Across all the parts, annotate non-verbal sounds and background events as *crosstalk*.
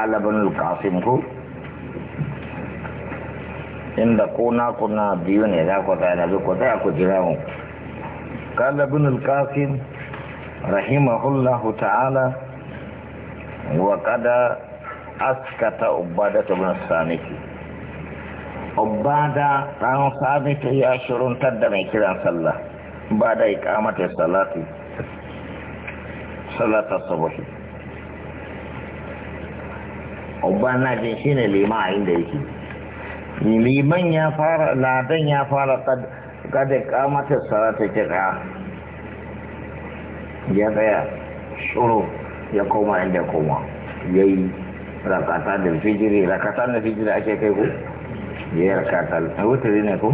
talibin al-qasim ko inda ko na ku na biyu ne za ku tsaye da zai ku tsaye ku jira mu talibin al-qasim rahimahullah ta'ala wa kada askata ubada ta bin saniki ubada ran saniki ya ashirin tadda mai kiran sallah ba da ikamata salati salatar sabahi uban na jin shine lima a inda yake liman ya fara ladan ya fara kada kamata sarata kira ya tsaya shuru ya koma inda koma ya yi rakata da fijiri rakata da fijiri ake kai ku ya yi rakata da wutari ne ku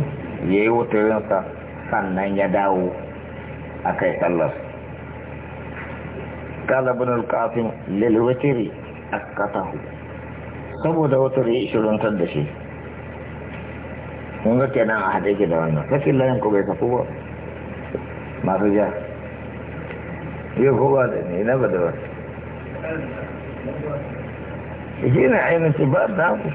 ya yi wutarinsa sannan ya dawo a kai sallar kalabin kafin lalwatiri a katahu saboda wata ne shirantar da shi kun ga kenan a haɗe ke da wannan rashin layin ko bai kafu ba masu ja yau ko ba da ne na ba da ba shi ne ainihin ba da ku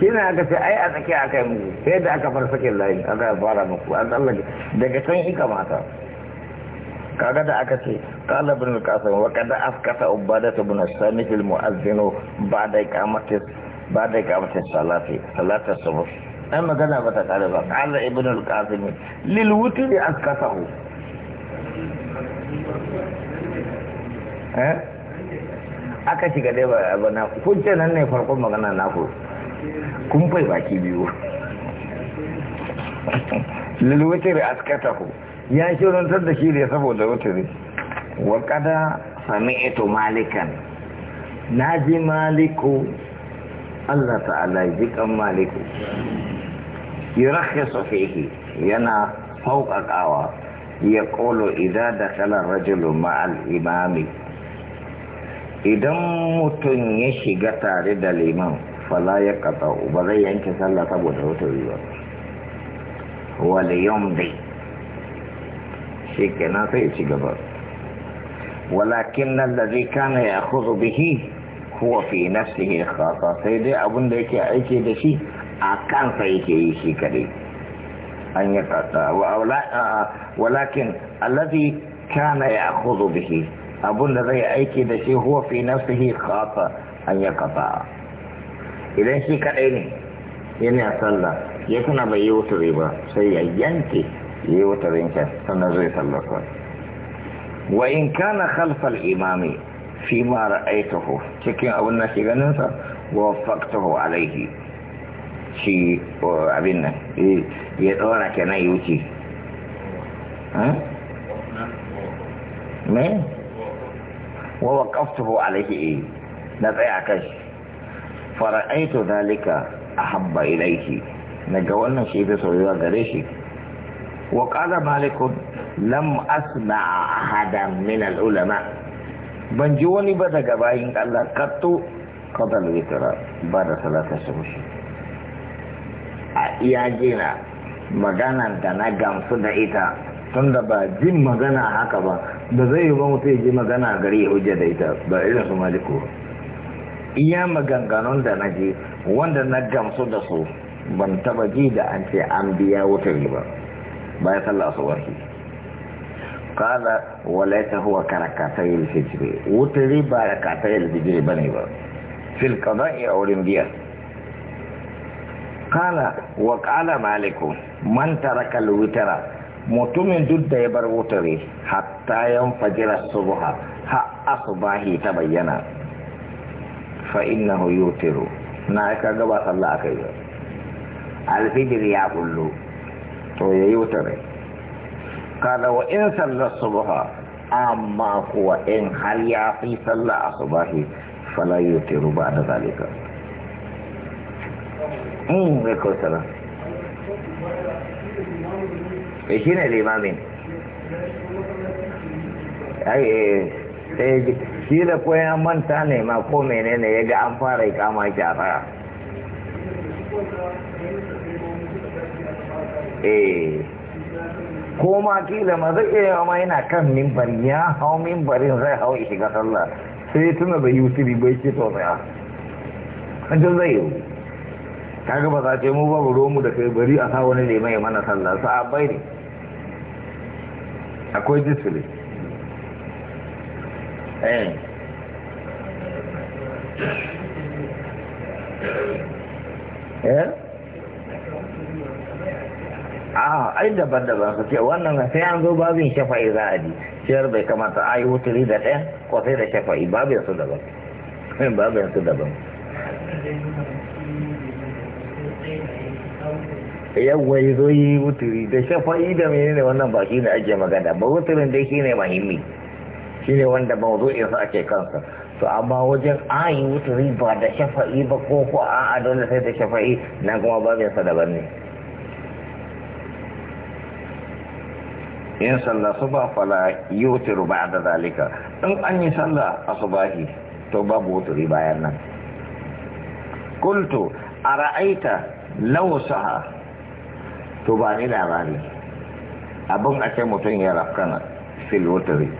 shi ne aka ce ai a tsakiya aka yi muku sai da aka farfakin layi aka fara muku an tsallake daga can ika mata kaga da aka ce kala bin kasan qasim wa qad afkata ubada ta as-samit al-mu'azzin ba'da iqamati ba'da iqamati salati salata as-subh ai magana ta kare ba kala ibn al-qasim lil wutri askatahu eh aka shiga dai ba bana kunce nan ne farkon magana na ku kun fai baki biyu *laughs* lil wutri askatahu ya kirantar da shi ne saboda ne wa kada eto malikan na ji maliku Allah ta'ala ji kan maliku yurakhisu fihi yana sauƙaƙawa ya ƙolo idan da kalar rajulu ma'al imami idan mutum ya shiga tare da liman fala ya ƙasa ba zai yanke sallah saboda riwa ba yom dai. shi kenan sai ci gaba walakin nan da zai kana ya kuzu bihi huwa fi nafsihi khasa sai dai abin da yake aiki da shi a kansa yake yi shi kadai an yi kasa walakin allazi kana ya kuzu bihi abin da zai aiki da shi huwa fi nafsihi khasa an yi kasa idan shi kadai ne yana sallah ya tuna bai yi wuta ba sai ya yanke yi wata rinka sannan zai sallarsa wa in kana khalfal imami fi ma ra'aitahu cikin abin da ke ganin sa wa faqtahu alaihi shi abin nan eh, ya dora kenan ya wuce me wa waqaftahu alaihi eh, na tsaya ilaihi daga wannan shi fi soyuwa gare shi وقال مالك لم أسمع أحدا من العلماء بنجوني بدا قبائن الله قطو قضى الوتر بعد صلاة الشمس يا جينا maganan da na gamsu da ita tun da ba jin magana haka ba da zai ba mutum ya ji magana gari ya hujja da ita ba irin su maliku iya maganganun da na ji wanda na gamsu da su ban taba ji da an ce an biya wutar ba baya sallah kala qala ta huwa karakatay al-fajr wutri barakatay al-fajr bane ba fil qada'i aw rindiya qala wa kala maliku man taraka mutumin duk da ya bar wutri hatta yan fajira subha ha asbahi ta bayyana fa innahu yutiru na ka gaba sallah akai al ya kullu to ya yi wuta rai kada wa in sallar subha amma kuwa in har ya fi sallar asubahi fala yutiru ba da zalika in hmm, mai kautara ya eh, shi ne limamin eh, shi da koyan manta ne ma ko menene ya ga an fara ikama shi a Eh. ko ma kila ma zai iya ma yana kan mimbar ya hau mimbarin zai hau shiga sallah sai tuna da yi bai ce to tsaya kancan zai yau kaga ba za ce mu babu romu da kai bari a sa wani ne mai mana sallah sa bai ne akwai disfile eh eh a ai daban daban su ce wannan sai an zo babin shafa'i za a ji ciyar bai kamata a yi wuturi da ɗaya ko sai da shafa'i babin su daban *laughs* babin su daban yawwa ya zo yi wuturi da shafa'i da ne wannan ba shi ne ake magana ba wuturin dai shi ne mahimmi shi ne wanda mawuzo'insa ake kansa to amma wajen yi wuturi ba da shafa'i ba ko ko a'a dole sai da shafa'i nan kuma babinsa daban ne in sallah suba fala ba da zalika in an yi sallah asubahi to babu wuturi bayan nan a ra'aita law saha to ba ni labari abin ake mutum ya rafkana fil wuturi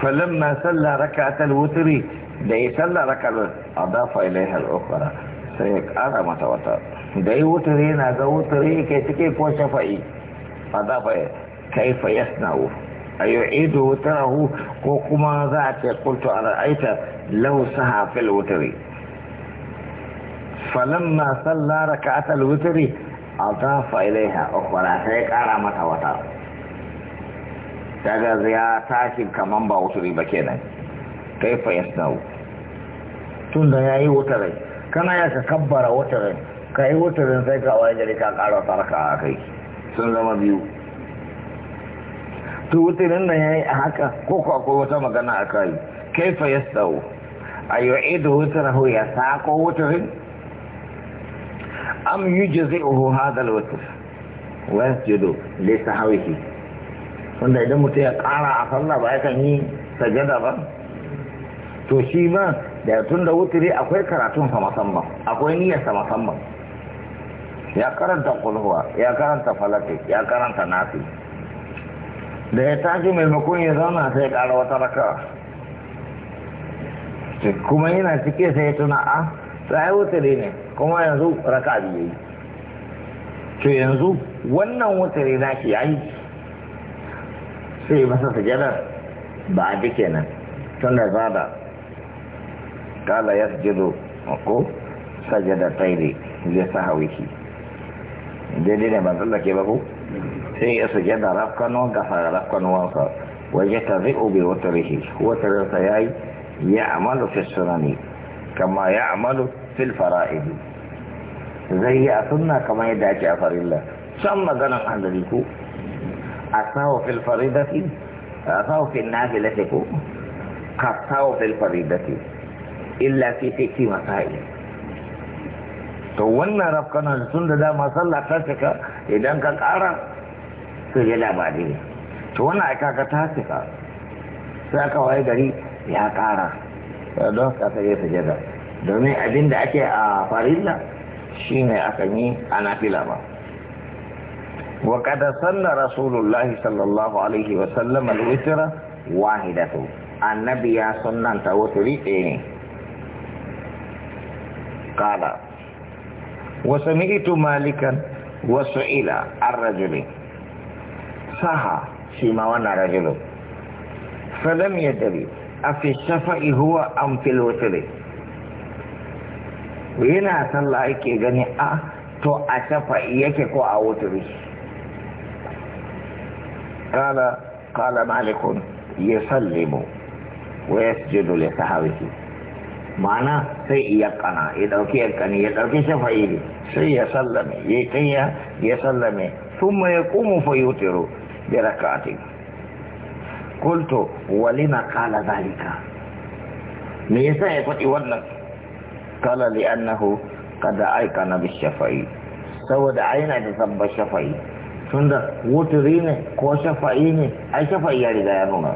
sallah raka ta wuturi da ya raka A dafa ilaiha al-ukhra sai ya kara mata wata da ya wuturi na ga wuturi ke cike ko shafa'i فضبه كيف يصنعه أيعيد وتره وكما ذات قلت أرأيت لو سهى في الوتر فلما صلى ركعة الوتر أضاف إليها أخرى سيك mata وتر daga ya tashi kamar ba wuturi ba kenan kai fa yasnau tun da yi wutarai kana ya ka kabbara wutarai yi wutarin sai ka waye ka ƙara sarka a kai sun zama biyu to wutirin nan ya yi a haka ko ku akwai wata magana a kai kaifa ya tsawo a yi da wutirahu ya sako wutirin am yi uhu hadal wutir west jido lesa hawiki wanda idan mutum ya kara a sallah ba kan yi sajada ba to shi ma da tun da wutiri akwai karatun sama samban, akwai niyyar sama samban. ya karanta kulhuwa ya karanta falaki ya karanta nafi da ya tashi maimakon ya zauna sai ya ƙara wata raka kuma yana cike sai ya tuna a ah, sai wutare ne kuma yanzu raka biyu yi to yanzu wannan wutare na shi yayi sai masa sujadar ba a ji kenan tun da zada kala ya sujudu ko sajada tsairi zai sa hawishi ده ليه لما تقول لك يا بابو في سجادة رفقا وجح رفقا وقف ويتضيء بوتره هو ترتياي يعمل في السراني كما يعمل في الفرائض زي أثنى كما يدعك أثر الله ثم قال الحمد لله أثاو في الفريضة أثاو في النافلة قطاو في الفريضة إلا في ست مسائل to wannan rafkana da tun da dama sallah ta cika idan ka ƙara sai ya labari to wannan aika ka ta cika sai aka waye gari ya ƙara don ka sai jada domin abin da ake a farilla shine aka yi a fila ba wa kada sanna rasulullahi sallallahu alaihi wa sallam al-witra wahidatu annabi ya sunnanta wutri ɗaya ne qala wasami itu malikan wasu'ila ar-rajuli saha shi ma wannan rajulu falam yadri afi shafa'i huwa am fil wutri yana sallah yake gani a to a shafa yake ko a wutri قال قال مالك يسلم ويسجد لصحابته ma'ana sai iya kana ya dauki yankani ya dauki shafa'i sai ya sallame ya kayya ya sallame thumma yaqumu fa yutiru bi rak'atin qultu na qala zalika me yasa ya faɗi wannan qala li annahu qad aikana bi shafa'i saboda aina da sabbar shafa'i tunda wuturi ne ko shafa'i ne ai shafa'i ya riga ya nuna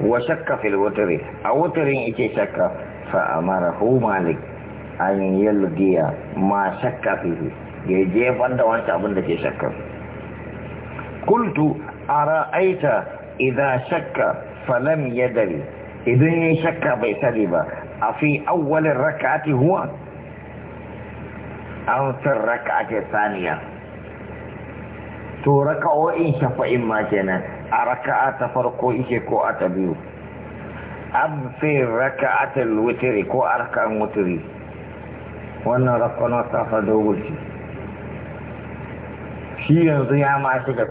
wa shakka fil wutri a wutrin yake shakka fa hu malik an yalgiya ma shakka fihi ya jefar da wancan abin da ke shakka kultu ara aita idan shakka falam dari. idan ya shakka bai sani ba a fi awwalin rakati huwa an san rakati saniya to raka'o'in shafa'in ma kenan a raka'a ta farko ike ko a ta biyu an fi raka'atul witri ko a raka'an witri wannan rakon wata fa dogo shi yanzu ya ma shiga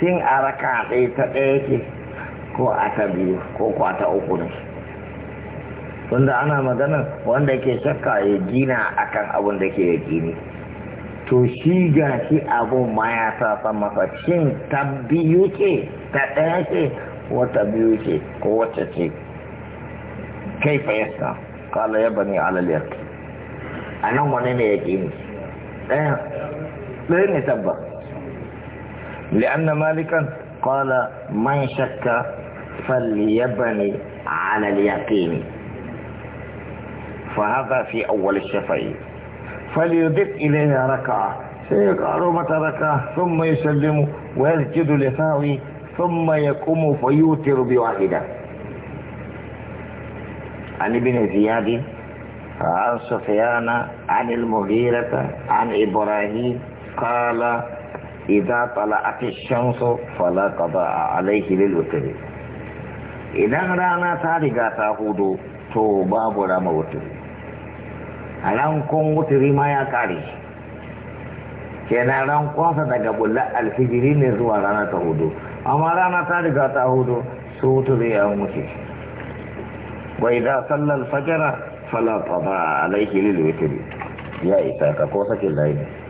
sin a raka'a ɗaya ta ɗaya ke ko a ta biyu ko ko a ta uku ne tunda ana magana wanda ke shakka ya gina akan abin da ke ya gini to shi ga shi abun ma ya sa masa shin ta biyu ce ta ɗaya ce ko ta biyu ce ko wacce ce kai fa ya sa kala ya bani alaliyar a nan wani ne ya ƙi ni ɗaya ɗaya ne tabbas لأن مالكا قال من شك فليبني على اليقين فهذا في أول haka فليضف إليها ركعة سيقعر متى ركعة ثم يسلم ويسجد لساوي ثم يقوم فيوتر بواحدة عن ابن زياد عن سفيان عن المغيرة عن إبراهيم قال إذا طلعت الشمس فلا قضاء عليه للوتر إذا رانا تاريخا تاخذ تو باب وتر kun wuturi ma ya kare kenan kwasa daga bulla alfijiri ne zuwa rana ta hudu amma rana ta riga ta hudu su wuturi ya mutu wai da sallar fajara falata ba alaihi lil wuturi ya isa ka ko sakin layi